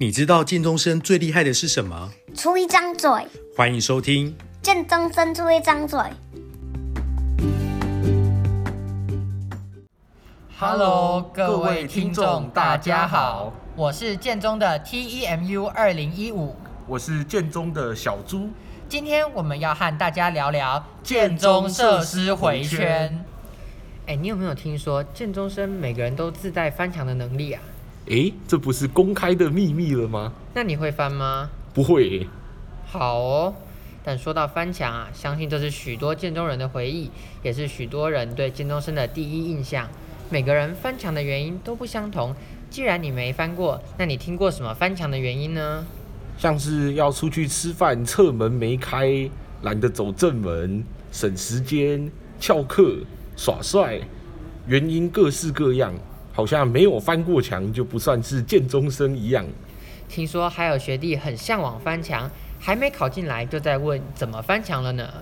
你知道建中生最厲害的是什麼？出一張嘴。歡迎收聽建中生出一張嘴。Hello，各位聽眾，大家好，我是建中的 TEMU 二零一五，我是建中的小朱。今天我們要和大家聊聊建中設施迴圈。建中設施迴圈。欸，你有沒有聽說建中生每個人都自帶翻牆的能力啊？誒，這不是公開的秘密了嗎？那你會翻嗎？不會。好哦，但說到翻牆啊，相信這是許多建中人的回憶，也是許多人對建中生的第一印象。每個人翻牆的原因都不相同。既然你沒翻過，那你聽過什麽翻牆的原因呢？像是要出去吃飯，側門沒開，懶得走正門，省時間，翹課，耍帥，原因各式各樣。好像沒有翻過牆就不算是建中生一樣。聽說還有學弟很嚮往翻牆，還沒考進來就在問怎麼翻牆了呢？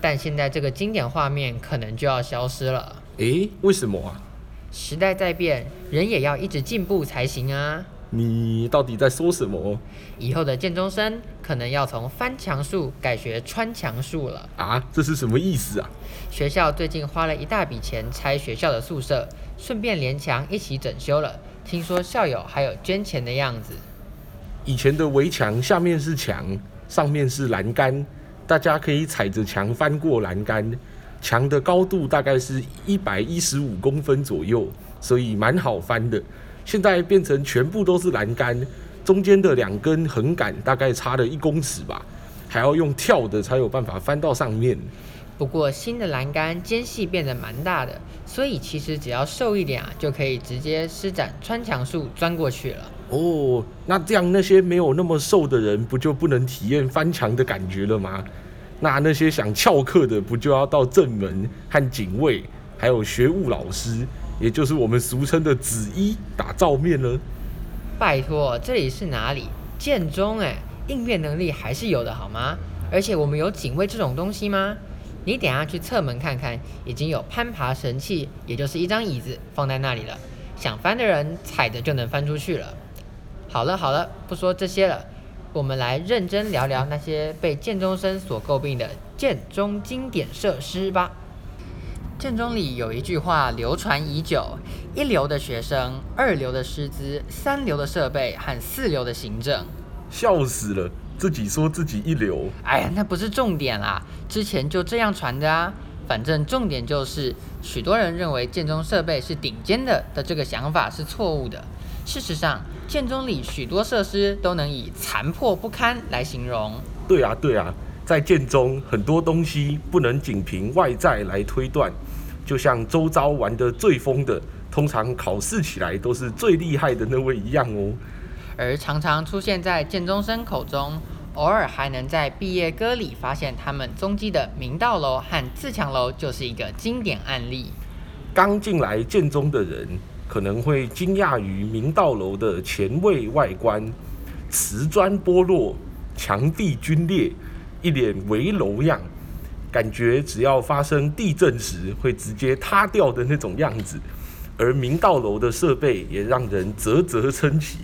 但現在這個經典畫面可能就要消失了。誒、欸，為什麼啊？時代在變，人也要一直進步才行啊。你到底在說什麼？以後的建中生可能要從翻牆術改學穿牆術了。啊，這是什麼意思啊？學校最近花了一大筆錢拆學校的宿舍，順便連牆一起整修了。聽說校友還有捐錢的樣子。以前的圍牆下面是牆，上面是欄杆，大家可以踩着牆翻過欄杆。牆的高度大概是一百一十五公分左右，所以蠻好翻的。現在變成全部都是欄杆，中間的兩根橫杆大概差了一公尺吧，還要用跳的才有辦法翻到上面。不過新的欄杆間隙變得蠻大的，所以其實只要瘦一點啊，就可以直接施展穿牆術鑽過去了。哦，oh, 那這樣那些沒有那麼瘦的人不就不能體驗翻牆的感覺了嗎？那那些想翹課的不就要到正門和警衛，還有學務老師？也就是我們俗稱的“紫衣打照面”了。拜託，這裡是哪裡？建中哎，應變能力還是有的，好嗎？而且我們有警衛這種東西嗎？你等下去側門看看，已經有攀爬神器，也就是一張椅子放在那裡了，想翻的人踩着就能翻出去了。好了好了，不說這些了，我們來認真聊聊那些被建中生所詬病的建中經典設施吧。建中裡有一句話流傳已久：一流的學生，二流的師資，三流的設備和四流的行政。笑死了，自己說自己一流。哎呀，那不是重點啦、啊，之前就這樣傳的啊。反正重點就是，許多人認為建中設備是頂尖的的這個想法是錯誤的。事實上，建中裡許多設施都能以殘破不堪來形容。對啊，對啊，在建中很多東西不能僅憑外在來推斷。就像周遭玩得最瘋的，通常考試起來都是最厲害的那位一樣哦。而常常出現在建中生口中，偶爾還能在畢業歌裡發現他們蹤跡的明道樓和自強樓，就是一個經典案例。剛進來建中的人，可能會驚訝於明道樓的前衛外觀，瓷磚剝落，牆壁龜裂，一臉危樓樣。感覺只要發生地震時會直接塌掉的那種樣子，而明道樓的設備也讓人嘖嘖稱奇，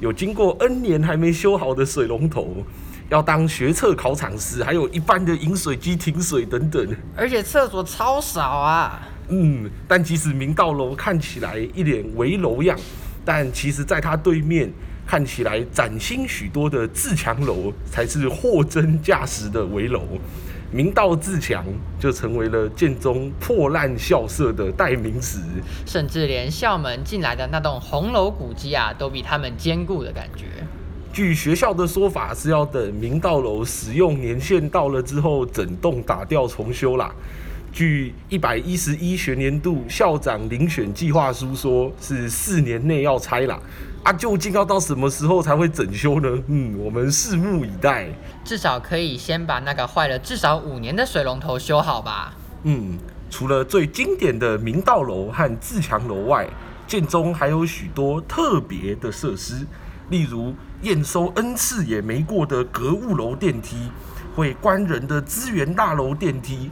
有經過 n 年還沒修好的水龍頭，要當學測考場時還有一般的飲水機停水等等，而且廁所超少啊。嗯，但即使明道樓看起來一臉危樓樣，但其實在它對面看起來嶄新許多的自強樓才是貨真價實的危樓。明道自強就成為了建中破爛校舍的代名詞，甚至連校門進來的那棟紅樓古蹟啊，都比他們堅固的感覺。據學校的說法，是要等明道樓使用年限到了之後，整棟打掉重修啦。據一百一十一學年度校長遴選計劃書說，是四年內要拆了。啊，究竟要到什麼時候才會整修呢？嗯，我們拭目以待。至少可以先把那個壞了至少五年的水龍頭修好吧。嗯，除了最經典的明道樓和自強樓外，建中還有許多特別的設施，例如驗收 N 次也沒過的格物樓電梯，會關人的資源大樓電梯。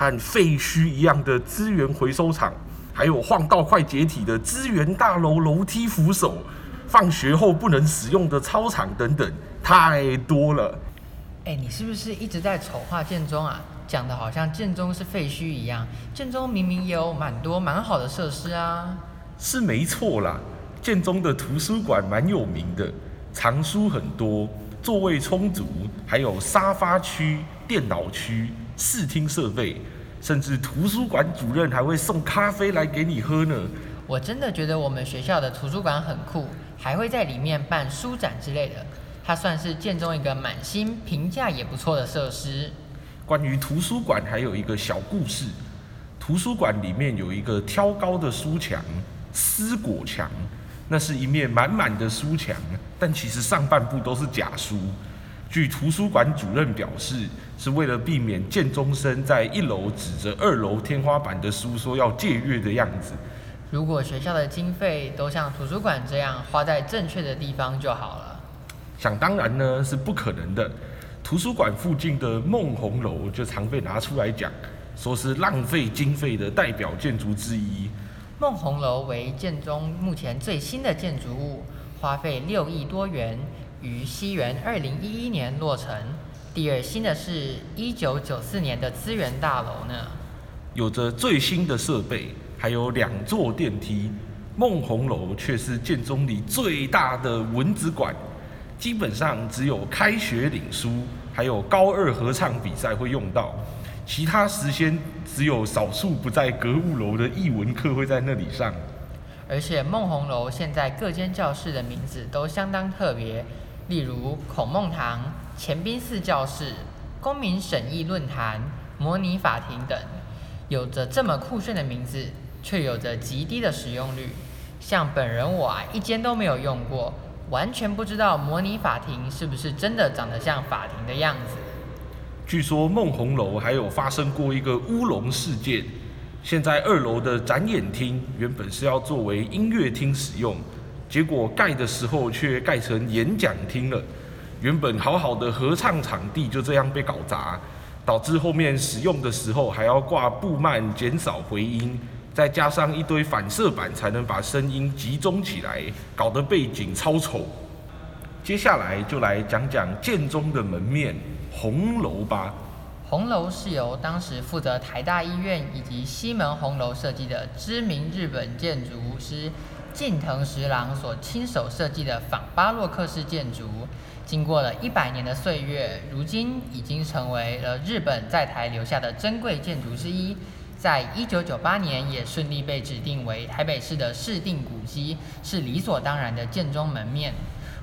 和廢墟一樣的資源回收場，還有晃到快解體的資源大樓樓梯扶手，放學後不能使用的操場等等，太多了。哎、欸，你是不是一直在醜化建中啊？講的好像建中是廢墟一樣。建中明明也有蠻多蠻好的設施啊。是沒錯啦，建中的圖書館蠻有名的，藏書很多，座位充足，還有沙發區、電腦區。視聽設備，甚至圖書館主任還會送咖啡來給你喝呢。我真的覺得我們學校的圖書館很酷，還會在裡面辦書展之類的。它算是建中一個滿心評價也不錯的設施。關於圖書館還有一個小故事，圖書館裡面有一個挑高的書牆——思果牆，那是一面滿滿的書牆，但其實上半部都是假書。據圖書館主任表示，是為了避免建中生在一樓指着二樓天花板的書說要借閱的樣子。如果學校的經費都像圖書館這樣花在正確的地方就好了。想當然呢是不可能的。圖書館附近的夢紅樓就常被拿出來講，說是浪費經費的代表建築之一。夢紅樓為建中目前最新的建築物，花費六億多元。於西元二零一一年落成，第二新的是一九九四年的資源大樓呢，有着最新的設備，還有兩座電梯。夢紅樓卻是建中裡最大的蚊子館，基本上只有開學領書，還有高二合唱比賽會用到，其他時間只有少數不在格物樓的藝文課會在那裡上。而且夢紅樓現在各間教室的名字都相當特別。例如孔孟堂、前賓寺教室、公民審議論壇、模擬法庭等，有着這麼酷炫的名字，卻有着極低的使用率。像本人我啊，一間都沒有用過，完全不知道模擬法庭是不是真的長得像法庭的樣子。據說夢紅樓還有發生過一個烏龍事件。現在二樓的展演廳原本是要作為音樂廳使用。結果蓋的時候卻蓋成演講廳了，原本好好的合唱場地就這樣被搞砸，導致後面使用的時候還要掛布幔減少回音，再加上一堆反射板才能把聲音集中起來，搞得背景超醜。接下來就來講講建中的門面——紅樓吧。紅樓是由當時負責台大醫院以及西門紅樓設計的知名日本建築師近藤十郎所親手設計的仿巴洛克式建築，經過了一百年的歲月，如今已經成為了日本在台留下的珍貴建築之一。在一九九八年也順利被指定為台北市的市定古蹟，是理所當然的建中門面。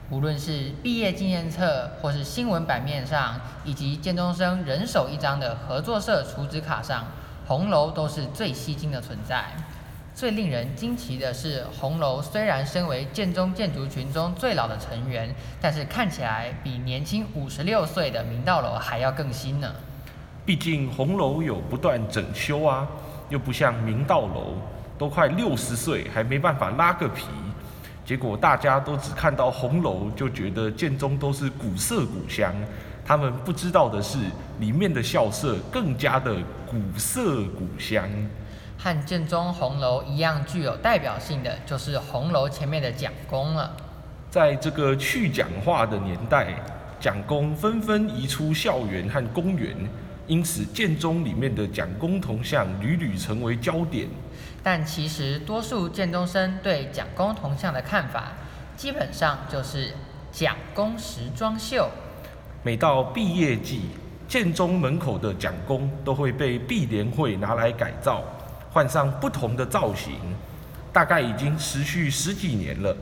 無論是畢業紀念冊，或是新聞版面上，以及建中生人手一張的合作社儲值卡上，紅樓都是最吸睛的存在。最令人驚奇的是，紅樓雖然身為建中建築群中最老的成員，但是看起來比年輕五十六歲的明道樓還要更新呢。畢竟紅樓有不斷整修啊，又不像明道樓，都快六十歲還沒辦法拉個皮。結果大家都只看到紅樓，就覺得建中都是古色古香。他們不知道的是，裡面的校舍更加的古色古香。和建中紅樓一樣具有代表性的，就是紅樓前面的蔣公了。在這個去蔣化的年代，蔣公紛紛移出校園和公園，因此建中裡面的蔣公銅像屢屢成為焦點。但其實，多數建中生對蔣公銅像的看法，基本上就是蔣公時裝秀。每到畢業季，建中門口的蔣公都會被畢聯會拿來改造。換上不同的造型，大概已經持續十幾年了。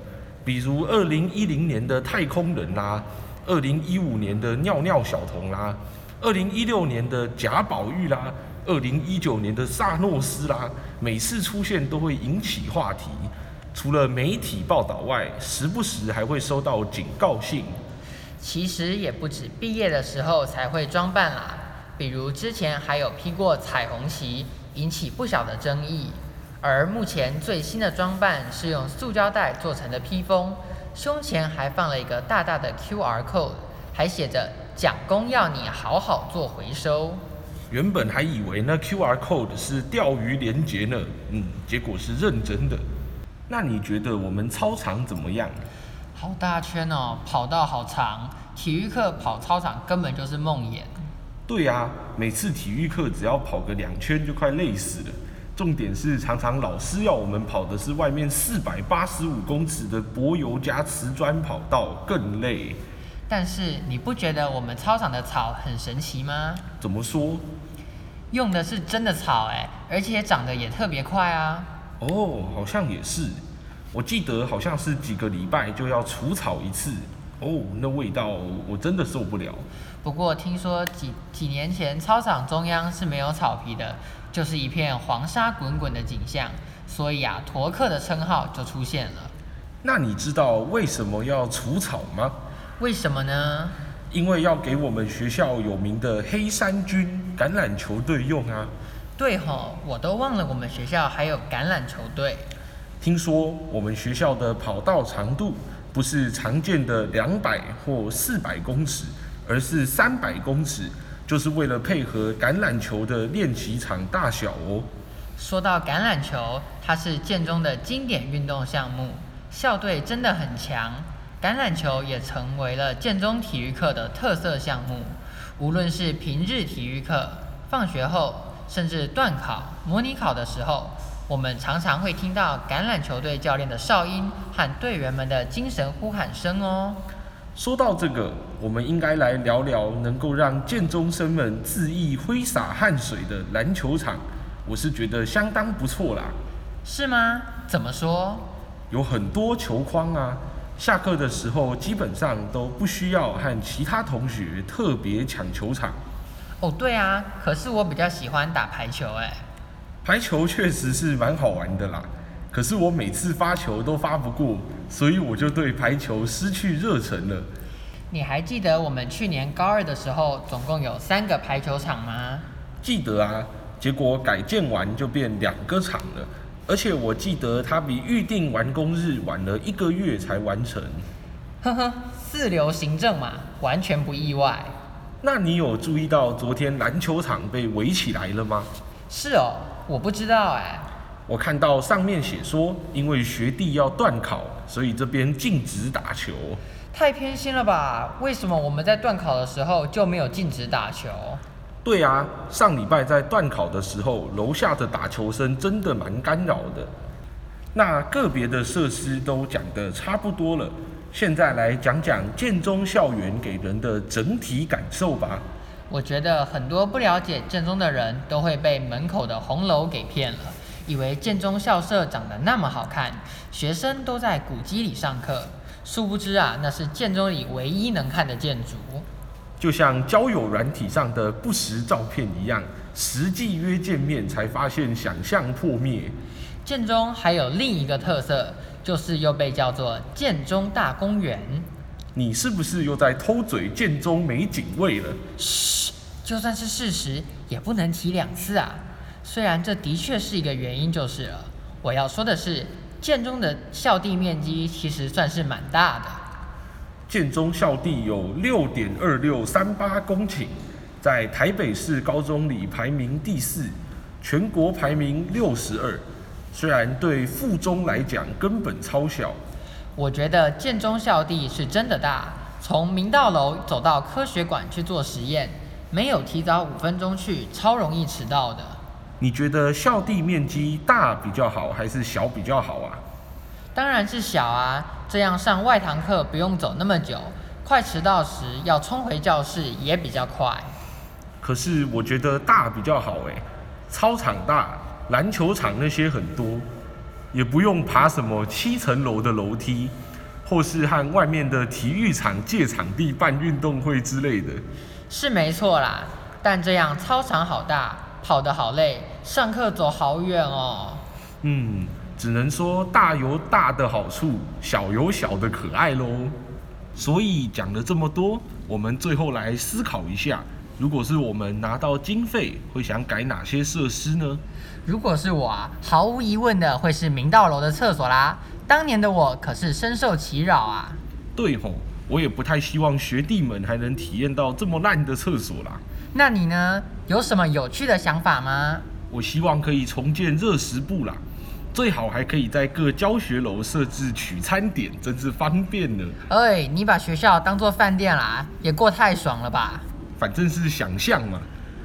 比如二零一零年的太空人啦、啊，二零一五年的尿尿小童啦、啊，二零一六年的賈寶玉啦、啊，二零一九年的薩諾斯啦、啊，每次出現都會引起話題。除了媒體報道外，時不時還會收到警告信。其實也不止畢業的時候才會裝扮啦、啊，比如之前還有披過彩虹旗。引起不小的爭議，而目前最新的裝扮是用塑膠袋做成的披風，胸前還放了一個大大的 QR code，還寫着“蔣公要你好好做回收”。原本還以為那 QR code 是釣魚連結呢，嗯，結果是認真的。那你覺得我們操場怎麼樣？好大圈哦，跑道好長，體育課跑操場根本就是夢魘。對啊，每次體育課只要跑個兩圈就快累死了。重點是常常老師要我們跑的是外面四百八十五公尺的柏油加瓷磚跑道，更累。但是你不覺得我們操場的草很神奇嗎？怎麼說？用的是真的草哎，而且長得也特別快啊。哦，好像也是。我記得好像是幾個禮拜就要除草一次。哦，oh, 那味道我真的受不了。不過聽說幾幾年前操場中央是沒有草皮的，就是一片黃沙滾滾的景象，所以啊，駝客的稱號就出現了。那你知道為什麼要除草嗎？為什麼呢？因為要給我們學校有名的黑衫軍橄欖球隊用啊。對吼、哦，我都忘了我們學校還有橄欖球隊。聽說我們學校的跑道長度。不是常見的兩百或四百公尺，而是三百公尺，就是為了配合橄欖球的練習場大小哦。說到橄欖球，它是建中的經典運動項目。校隊真的很強，橄欖球也成為了建中體育課的特色項目。無論是平日體育課、放學後，甚至段考、模擬考的時候。我們常常會聽到橄欖球隊教練的哨音和隊員們的精神呼喊聲哦。說到這個，我們應該來聊聊能夠讓建中生們恣意揮灑汗水的籃球場，我是覺得相當不錯啦。是嗎？怎麼說？有很多球框啊，下課的時候基本上都不需要和其他同學特別搶球場。哦，對啊，可是我比較喜歡打排球誒。排球確實是蠻好玩的啦，可是我每次發球都發不過，所以我就對排球失去熱忱了。你還記得我們去年高二的時候，總共有三個排球場嗎？記得啊，結果改建完就變兩個場了，而且我記得它比預定完工日晚了一個月才完成。呵呵，四流行政嘛，完全不意外。那你有注意到昨天籃球場被圍起來了嗎？是哦，我不知道哎、欸。我看到上面寫說，因為學弟要段考，所以這邊禁止打球。太偏心了吧？為什麼我們在段考的時候就沒有禁止打球？對啊，上禮拜在段考的時候，樓下的打球聲真的蠻干擾的。那個別的設施都講得差不多了，現在來講講建中校園給人的整體感受吧。我覺得很多不了解建中的人都會被門口的紅樓給騙了，以為建中校舍長得那麼好看，學生都在古蹟裡上課，殊不知啊，那是建中裡唯一能看的建築。就像交友軟體上的不實照片一樣，實際約見面才發現想象破滅。建中還有另一個特色，就是又被叫做建中大公園。你是不是又在偷嘴建中沒警衛了？噓，就算是事實，也不能提兩次啊。雖然這的確是一個原因就是了。我要說的是，建中的校地面積其實算是蠻大的。建中校地有六點二六三八公頃，在台北市高中裡排名第四，全國排名六十二。雖然對附中來講，根本超小。我覺得建中校地是真的大，從明道樓走到科學館去做實驗，沒有提早五分鐘去，超容易遲到的。你覺得校地面積大比較好，還是小比較好啊？當然是小啊，這樣上外堂課不用走那麼久，快遲到時要衝回教室也比較快。可是我覺得大比較好欸，操場大，籃球場那些很多。也不用爬什麼七層樓的樓梯，或是和外面的體育場借場地辦運動會之類的。是沒錯啦，但這樣操場好大，跑得好累，上課走好遠哦。嗯，只能說大有大的好處，小有小的可愛嘍。所以講了這麼多，我們最後來思考一下，如果是我們拿到經費，會想改哪些設施呢？如果是我啊，毫無疑問的會是明道樓的廁所啦。當年的我可是深受其擾啊。對吼，我也不太希望學弟們還能體驗到這麼爛的廁所啦。那你呢？有什麼有趣的想法嗎？我希望可以重建熱食部啦，最好還可以在各教學樓設置取餐點，真是方便呢。欸，你把學校當做飯店啦，也過太爽了吧？反正是想象嘛。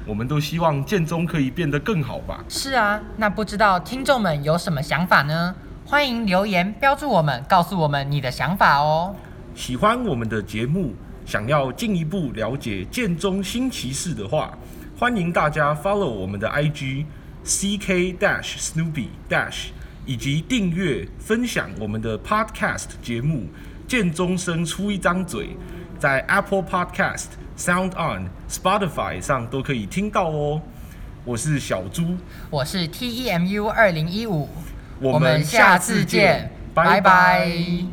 我們都希望建中可以變得更好吧？是啊，那不知道聽眾們有什麼想法呢？歡迎留言標注我們，告訴我們你的想法哦。喜歡我們的節目，想要進一步了解建中新奇事的話，歡迎大家 follow 我們的 IG CK Dash Snoopy Dash，以及訂閱分享我們的 podcast 節目《建中生出一張嘴》在 Apple Podcast。Sound on Spotify 上都可以聽到哦。我是小朱，我是 TEMU 二零一五。拜拜，我們下次見，拜拜。